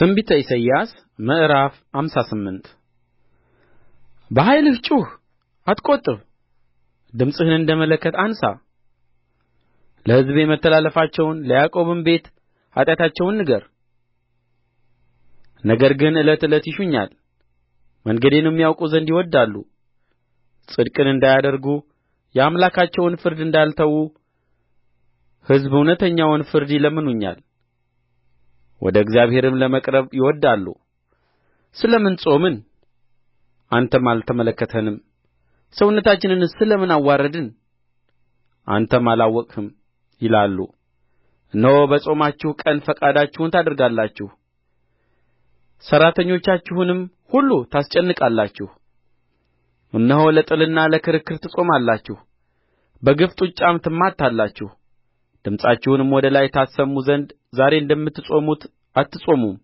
ትንቢተ ኢሳይያስ ምዕራፍ ሃምሳ ስምንት በኃይልህ ጩኽ አትቈጥብ ድምፅህን እንደ መለከት አንሣ ለሕዝቤ መተላለፋቸውን ለያዕቆብም ቤት ኃጢአታቸውን ንገር ነገር ግን ዕለት ዕለት ይሹኛል መንገዴንም ያውቁ ዘንድ ይወድዳሉ ጽድቅን እንዳያደርጉ የአምላካቸውን ፍርድ እንዳልተዉ ሕዝብ እውነተኛውን ፍርድ ይለምኑኛል ወደ እግዚአብሔርም ለመቅረብ ይወድዳሉ ስለ ምን ጾምን አንተም አልተመለከትኸንም ሰውነታችንንስ ስለ ምን አዋረድን አንተም አላወቅህም ይላሉ እነሆ በጾማችሁ ቀን ፈቃዳችሁን ታደርጋላችሁ ሠራተኞቻችሁንም ሁሉ ታስጨንቃላችሁ እነሆ ለጥልና ለክርክር ትጾማላችሁ በግፍ ጡጫም ትማታላችሁ ድምፃችሁንም ወደ ላይ ታሰሙ ዘንድ ዛሬ እንደምትጾሙት አትጾሙም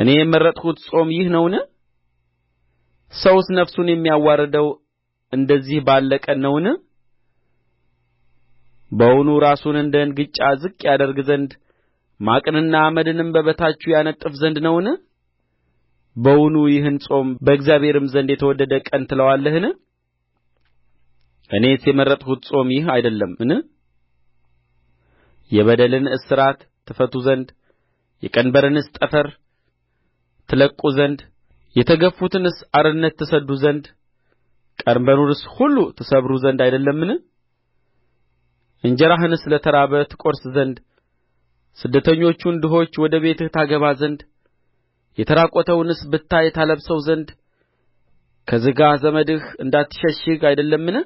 እኔ የመረጥሁት ጾም ይህ ነውን ሰውስ ነፍሱን የሚያዋርደው እንደዚህ ባለ ቀን ነውን በውኑ ራሱን እንደ እንግጫ ዝቅ ያደርግ ዘንድ ማቅንና አመድንም በበታቹ ያነጥፍ ዘንድ ነውን በውኑ ይህን ጾም በእግዚአብሔርም ዘንድ የተወደደ ቀን ትለዋለህን እኔስ የመረጥሁት ጾም ይህ አይደለምን የበደልን እስራት ትፈቱ ዘንድ የቀንበርንስ ጠፍር ትለቅቁ ዘንድ የተገፉትንስ አርነት ትሰድዱ ዘንድ ቀንበሩንስ ሁሉ ትሰብሩ ዘንድ አይደለምን እንጀራህንስ ለተራበ ትቈርስ ዘንድ ስደተኞቹን ድሆች ወደ ቤትህ ታገባ ዘንድ የተራቈተውንስ ብታይ ታለብሰው ዘንድ ከሥጋ ዘምድህ እንዳትሸሽግ አይደለምን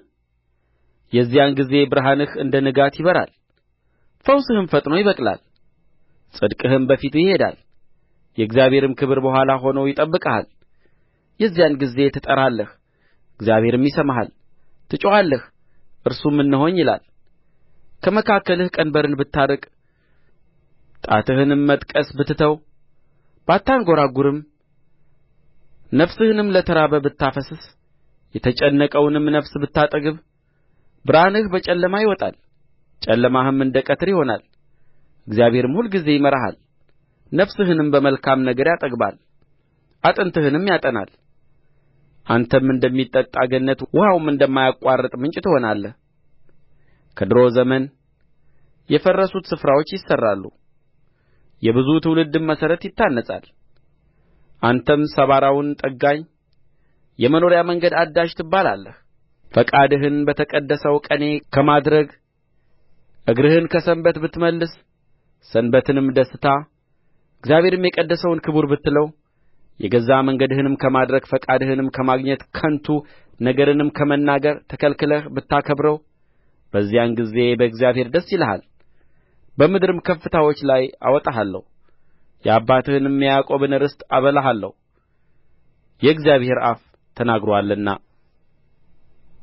የዚያን ጊዜ ብርሃንህ እንደ ንጋት ይበራል ፈውስህም ፈጥኖ ይበቅላል ጽድቅህም በፊትህ ይሄዳል የእግዚአብሔርም ክብር በኋላህ ሆኖ ይጠብቅሃል የዚያን ጊዜ ትጠራለህ እግዚአብሔርም ይሰማሃል ትጮኻለህ እርሱም እነሆኝ ይላል ከመካከልህ ቀንበርን ብታርቅ ጣትህንም መጥቀስ ብትተው ባታንጐራጕርም ነፍስህንም ለተራበ ብታፈስስ የተጨነቀውንም ነፍስ ብታጠግብ ብርሃንህ በጨለማ ይወጣል ጨለማህም እንደ ቀትር ይሆናል እግዚአብሔርም ሁልጊዜ ይመራሃል ነፍስህንም በመልካም ነገር ያጠግባል አጥንትህንም ያጠናል አንተም እንደሚጠጣ ገነት ውኃውም እንደማያቋርጥ ምንጭ ትሆናለህ ከድሮ ዘመን የፈረሱት ስፍራዎች ይሠራሉ የብዙ ትውልድም መሠረት ይታነጻል አንተም ሰባራውን ጠጋኝ የመኖሪያ መንገድ አዳሽ ትባላለህ ፈቃድህን በተቀደሰው ቀኔ ከማድረግ እግርህን ከሰንበት ብትመልስ ሰንበትንም ደስታ እግዚአብሔርም የቀደሰውን ክቡር ብትለው የገዛ መንገድህንም ከማድረግ ፈቃድህንም ከማግኘት ከንቱ ነገርንም ከመናገር ተከልክለህ ብታከብረው በዚያን ጊዜ በእግዚአብሔር ደስ ይልሃል በምድርም ከፍታዎች ላይ አወጣሃለሁ የአባትህንም የያዕቆብን ርስት አበላሃለሁ የእግዚአብሔር አፍ ተናግሮአልና